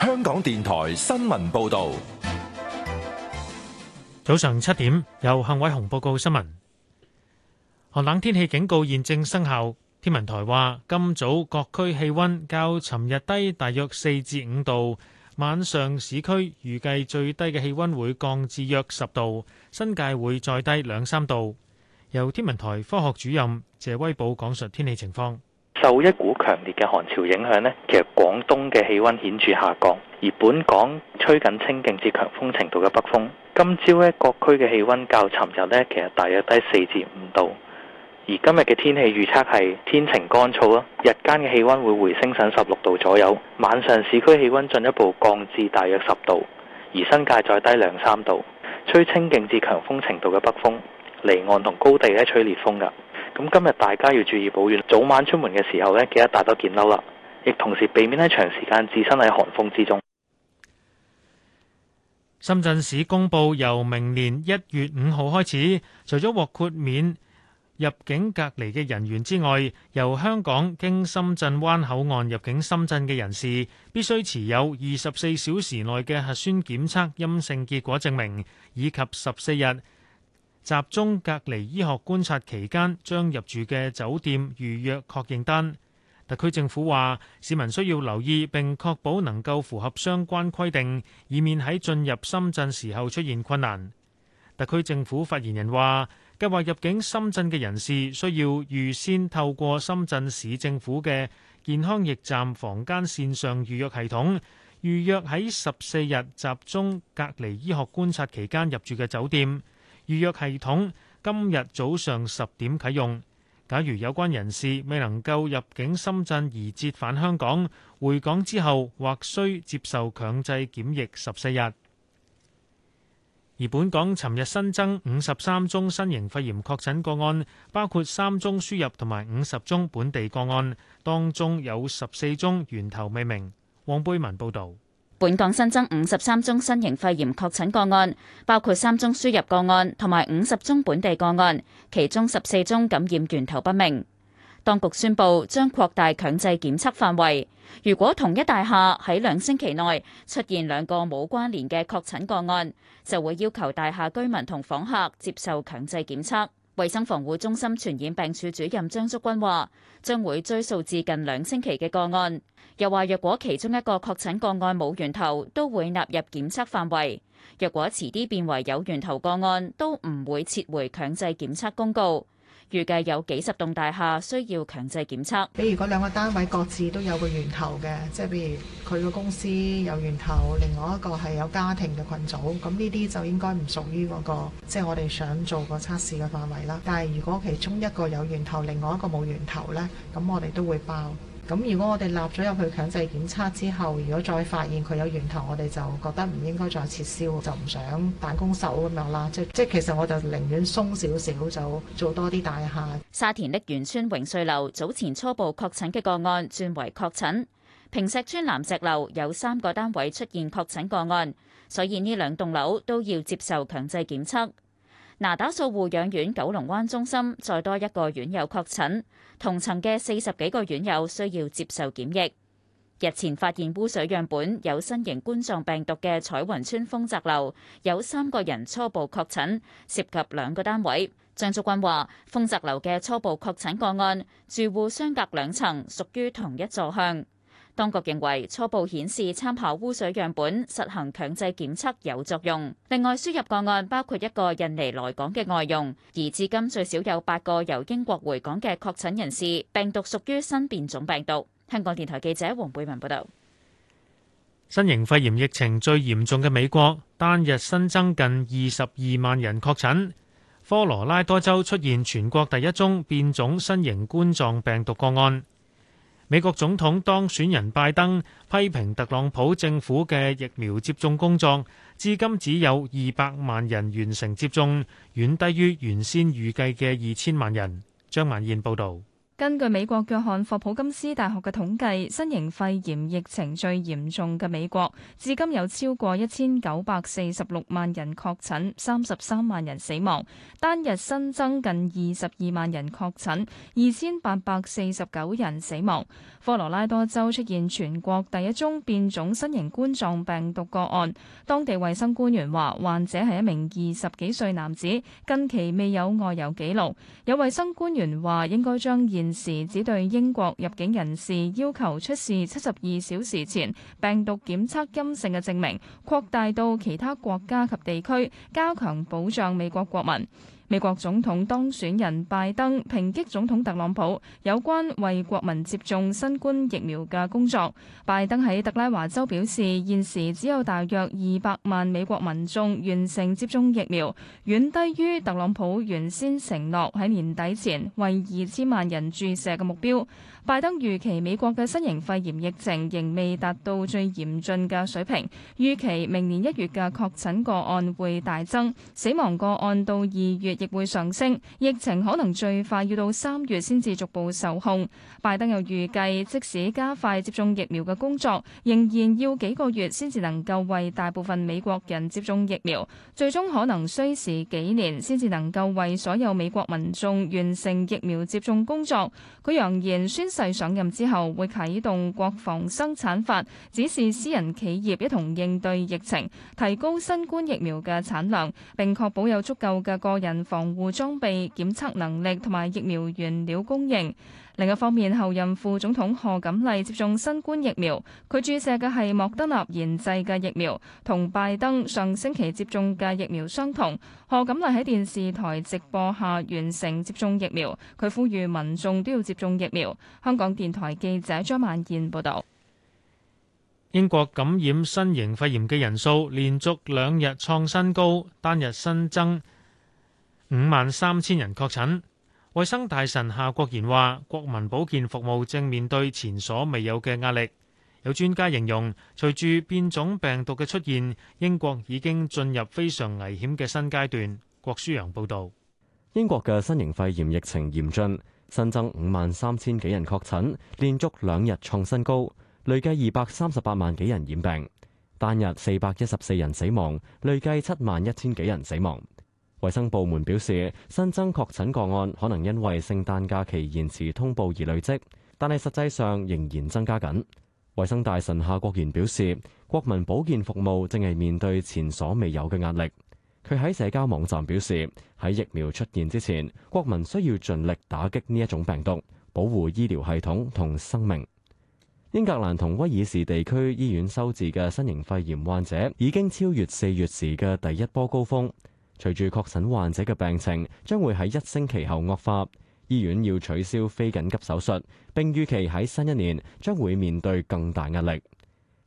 香港電台新聞報道，早上七點，由幸偉雄報告新聞。寒冷天氣警告現正生效。天文台話，今早各區氣温較尋日低大約四至五度。晚上市區預計最低嘅氣溫會降至約十度，新界會再低兩三度。由天文台科學主任謝威寶講述天氣情況。受一股強烈嘅寒潮影響呢，其實廣東嘅氣溫顯著下降，而本港吹緊清勁至強風程度嘅北風。今朝呢，各區嘅氣溫較尋日呢，其實大約低四至五度。而今日嘅天氣預測係天晴乾燥啊！日間嘅氣温會回升上十六度左右，晚上市區氣温進一步降至大約十度，而新界再低兩三度。吹清勁至強風程度嘅北風，離岸同高地呢，吹烈風㗎。咁今日大家要注意保暖，早晚出門嘅時候呢，記得帶多件褸啦，亦同時避免喺長時間置身喺寒風之中。深圳市公布由明年一月五號開始，除咗獲豁免，入境隔離嘅人員之外，由香港經深圳灣口岸入境深圳嘅人士，必須持有二十四小時內嘅核酸檢測陰性結果證明，以及十四日集中隔離醫學觀察期間將入住嘅酒店預約確認單。特區政府話，市民需要留意並確保能夠符合相關規定，以免喺進入深圳時候出現困難。特區政府發言人話。計劃入境深圳嘅人士需要預先透過深圳市政府嘅健康驛站房間線上預約系統，預約喺十四日集中隔離醫學觀察期間入住嘅酒店。預約系統今日早上十點啟用。假如有關人士未能夠入境深圳而折返香港，回港之後或需接受強制檢疫十四日。而本港尋日新增五十三宗新型肺炎確診個案，包括三宗輸入同埋五十宗本地個案，當中有十四宗源頭未明。黃貝文報導，本港新增五十三宗新型肺炎確診個案，包括三宗輸入個案同埋五十宗本地個案，其中十四宗感染源頭不明。當局宣布將擴大強制檢測範圍。如果同一大廈喺兩星期內出現兩個冇關聯嘅確診個案，就會要求大廈居民同房客接受強制檢測。衛生防護中心傳染病處主任張竹君話，將會追溯至近兩星期嘅個案。又話，若果其中一個確診個案冇源頭，都會納入檢測範圍。若果遲啲變為有源頭個案，都唔會撤回強制檢測公告。預計有幾十棟大廈需要強制檢測。比如嗰兩個單位各自都有個源頭嘅，即係比如佢個公司有源頭，另外一個係有家庭嘅群組，咁呢啲就應該唔屬於嗰個，即係我哋想做個測試嘅範圍啦。但係如果其中一個有源頭，另外一個冇源頭呢，咁我哋都會包。咁如果我哋納咗入去強制檢測之後，如果再發現佢有源頭，我哋就覺得唔應該再撤銷，就唔想彈弓手咁樣啦。即即其實我就寧願鬆少少，就做多啲大廈。沙田瀝源村榮瑞樓早前初步確診嘅個案轉為確診，平石村藍石樓有三個單位出現確診個案，所以呢兩棟樓都要接受強制檢測。拿打素護養院九龍灣中心再多一個院友確診，同層嘅四十幾個院友需要接受檢疫。日前發現污水樣本有新型冠狀病毒嘅彩雲村豐澤樓有三個人初步確診，涉及兩個單位。張竹君話，豐澤樓嘅初步確診個案，住戶相隔兩層，屬於同一座向。當局認為初步顯示參考污水樣本實行強制檢測有作用。另外，輸入個案包括一個印尼來港嘅外傭，而至今最少有八個由英國回港嘅確診人士，病毒屬於新變種病毒。香港電台記者黃貝文報道。新型肺炎疫情最嚴重嘅美國，單日新增近二十二萬人確診。科羅拉多州出現全國第一宗變種新型冠狀病毒個案。美國總統當選人拜登批評特朗普政府嘅疫苗接種工作，至今只有二百萬人完成接種，遠低於原先預計嘅二千萬人。張文燕報道。根據美國約翰霍普金斯大學嘅統計，新型肺炎疫情最嚴重嘅美國，至今有超過一千九百四十六萬人確診，三十三萬人死亡，單日新增近二十二萬人確診，二千八百四十九人死亡。科羅拉多州出現全國第一宗變種新型冠狀病毒個案，當地衛生官員話，患者係一名二十幾歲男子，近期未有外遊記錄。有衛生官員話，應該將現現時只對英國入境人士要求出示七十二小時前病毒檢測陰性嘅證明，擴大到其他國家及地區，加強保障美國國民。美國總統當選人拜登抨擊總統特朗普有關為國民接種新冠疫苗嘅工作。拜登喺特拉華州表示，現時只有大約二百萬美國民眾完成接種疫苗，遠低於特朗普原先承諾喺年底前為二千萬人注射嘅目標。拜登預期美國嘅新型肺炎疫情仍未達到最嚴峻嘅水平，預期明年一月嘅確診個案會大增，死亡個案到二月亦會上升，疫情可能最快要到三月先至逐步受控。拜登又預計，即使加快接種疫苗嘅工作，仍然要幾個月先至能夠為大部分美國人接種疫苗，最終可能需時幾年先至能夠為所有美國民眾完成疫苗接種工作。佢揚言宣。制上任之後會啟動國防生產法，指示私人企業一同應對疫情，提高新冠疫苗嘅產量，並確保有足夠嘅個人防護裝備、檢測能力同埋疫苗原料供應，另一方面，候任副總統賀錦麗接種新冠疫苗，佢注射嘅係莫德納研製嘅疫苗，同拜登上星期接種嘅疫苗相同。賀錦麗喺電視台直播下完成接種疫苗，佢呼籲民眾都要接種疫苗。香港電台記者張萬燕報道：英國感染新型肺炎嘅人數連續兩日創新高，單日新增五萬三千人確診。衛生大臣夏國賢話：國民保健服務正面對前所未有嘅壓力。有專家形容，隨住變種病毒嘅出現，英國已經進入非常危險嘅新階段。郭舒陽報道：英國嘅新型肺炎疫情嚴峻。新增五萬三千幾人確診，連續兩日創新高，累計二百三十八萬幾人染病，單日四百一十四人死亡，累計七萬一千幾人死亡。衛生部門表示，新增確診個案可能因為聖誕假期延遲通報而累積，但係實際上仍然增加緊。衛生大臣夏國賢表示，國民保健服務正係面對前所未有嘅壓力。佢喺社交網站表示，喺疫苗出現之前，國民需要盡力打擊呢一種病毒，保護醫療系統同生命。英格蘭同威爾士地區醫院收治嘅新型肺炎患者已經超越四月時嘅第一波高峰。隨住確診患者嘅病情將會喺一星期後惡化，醫院要取消非緊急手術，並預期喺新一年將會面對更大壓力。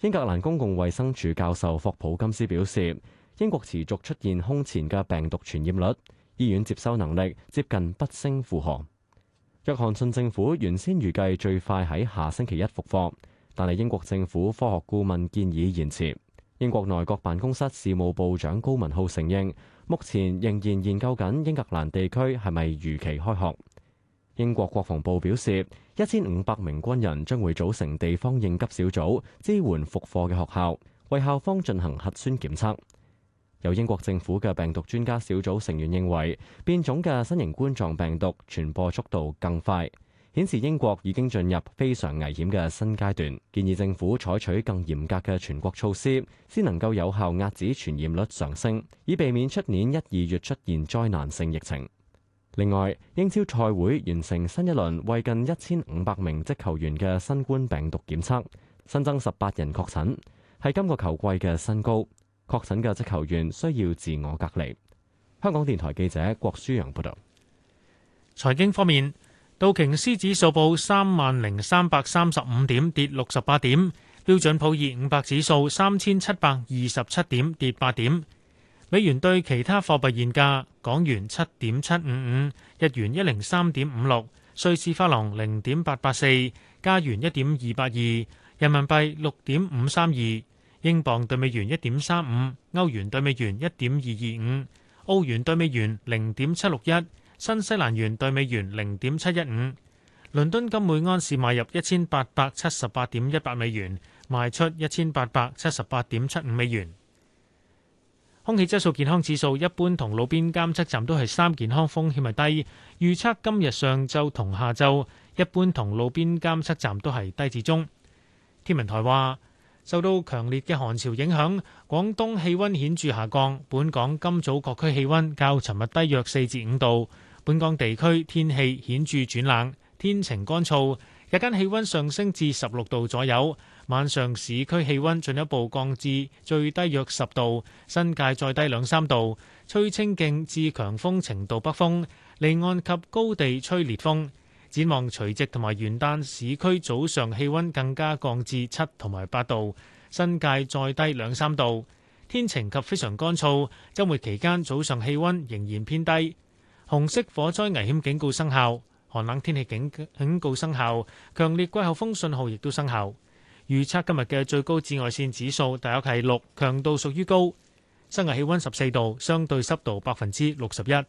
英格蘭公共衛生署教授霍普金斯表示：英國持續出現空前嘅病毒傳染率，醫院接收能力接近不勝負荷。約翰遜政府原先預計最快喺下星期一復課，但係英國政府科學顧問建議延遲。英國內閣辦公室事務部長高文浩承認，目前仍然研究緊英格蘭地區係咪如期開學。英國國防部表示，一千五百名軍人將會組成地方應急小組，支援復課嘅學校，為校方進行核酸檢測。有英國政府嘅病毒專家小組成員認為，變種嘅新型冠狀病毒傳播速度更快，顯示英國已經進入非常危險嘅新階段。建議政府採取更嚴格嘅全國措施，先能夠有效壓止傳染率上升，以避免出年一二月出現災難性疫情。另外，英超賽會完成新一輪為近一千五百名職球員嘅新冠病毒檢測，新增十八人確診，係今個球季嘅新高。確診嘅一職球員需要自我隔離。香港電台記者郭舒揚報道。財經方面，道瓊斯指數報三萬零三百三十五點，跌六十八點；標準普爾五百指數三千七百二十七點，跌八點。美元兌其他貨幣現價：港元七點七五五，日元一零三點五六，瑞士法郎零點八八四，加元一點二八二，人民幣六點五三二。英鎊兌美元一點三五，歐元兌美元一點二二五，澳元兌美元零點七六一，新西蘭元兌美元零點七一五。倫敦金每安士買入一千八百七十八點一八美元，賣出一千八百七十八點七五美元。空氣質素健康指數一般同路邊監測站都係三，健康風險係低，預測今日上晝同下晝一般同路邊監測站都係低至中。天文台話。受到強烈嘅寒潮影響，廣東氣温顯著下降。本港今早各區氣温較尋日低約四至五度，本港地區天氣顯著轉冷，天晴乾燥，日間氣温上升至十六度左右，晚上市區氣温進一步降至最低約十度，新界再低兩三度，吹清勁至強風程度北風，離岸及高地吹烈風。展望除夕同埋元旦，市區早上氣温更加降至七同埋八度，新界再低兩三度。天晴及非常乾燥，周末期間早上氣温仍然偏低。紅色火災危險警告生效，寒冷天氣警警告生效，強烈季候風信號亦都生效。預測今日嘅最高紫外線指數大約係六，強度屬於高。室外氣温十四度，相對濕度百分之六十一。